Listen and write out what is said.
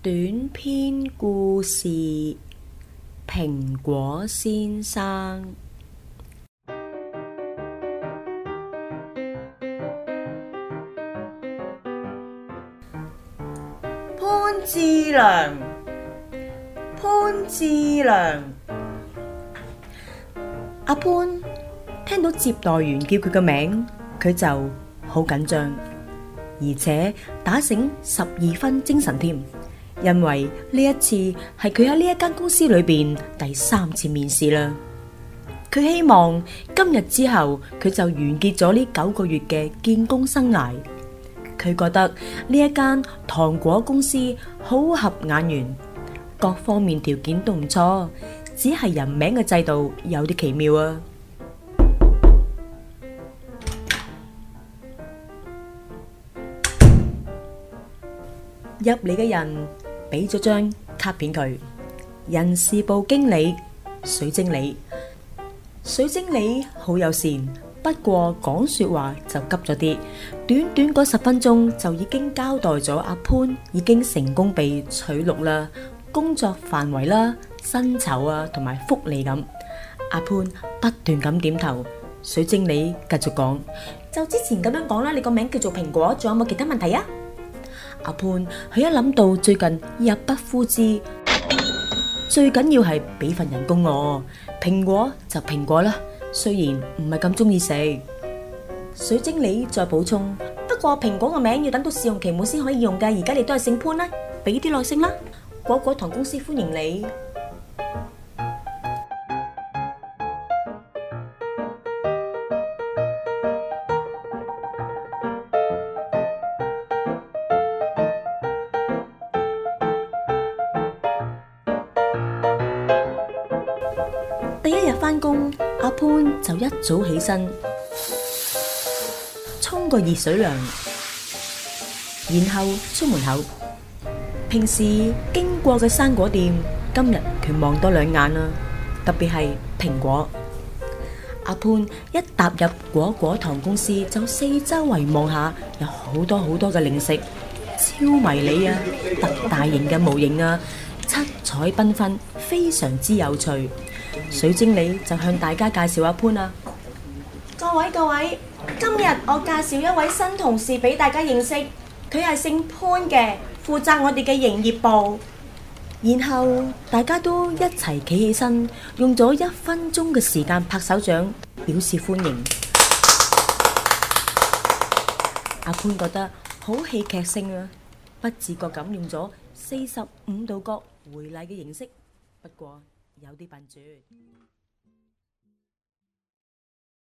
短篇故事《蘋果先生》，潘志良，潘志良，阿、啊、潘聽到接待員叫佢嘅名，佢就好緊張，而且打醒十二分精神添。因為呢一次係佢喺呢一間公司裏邊第三次面試啦，佢希望今日之後佢就完結咗呢九個月嘅見工生涯。佢覺得呢一間糖果公司好合眼緣，各方面條件都唔錯，只係人名嘅制度有啲奇妙啊！入嚟嘅人。俾咗張卡片佢，人事部經理水晶李，水晶李好友善，不過講說話就急咗啲。短短嗰十分鐘就已經交代咗阿潘已經成功被取錄啦，工作範圍啦、薪酬啊同埋福利咁。阿潘不斷咁點頭，水晶李繼續講：就之前咁樣講啦，你個名叫做蘋果，仲有冇其他問題啊？阿潘，佢一諗到最近入不敷支，最緊要係俾份人工我。蘋果就蘋果啦，雖然唔係咁中意食。水經理再補充，不過蘋果個名要等到試用期滿先可以用㗎。而家你都係姓潘啦，俾啲耐性啦。果果糖公司歡迎你。返工，阿潘就一早起身，沖個熱水涼，然後出門口。平時經過嘅生果店，今日佢望多兩眼啦，特別係蘋果。阿潘一踏入果果糖公司，就四周圍望下，有好多好多嘅零食，超迷你啊，特大型嘅模型啊，七彩繽紛，非常之有趣。水經理就向大家介紹阿潘啦。各位各位，今日我介紹一位新同事俾大家認識，佢係姓潘嘅，負責我哋嘅營業部。然後大家都一齊企起身，用咗一分鐘嘅時間拍手掌，表示歡迎。阿潘覺得好戲劇性啊，不自覺咁用咗四十五度角回禮嘅形式。不過。有啲笨拙。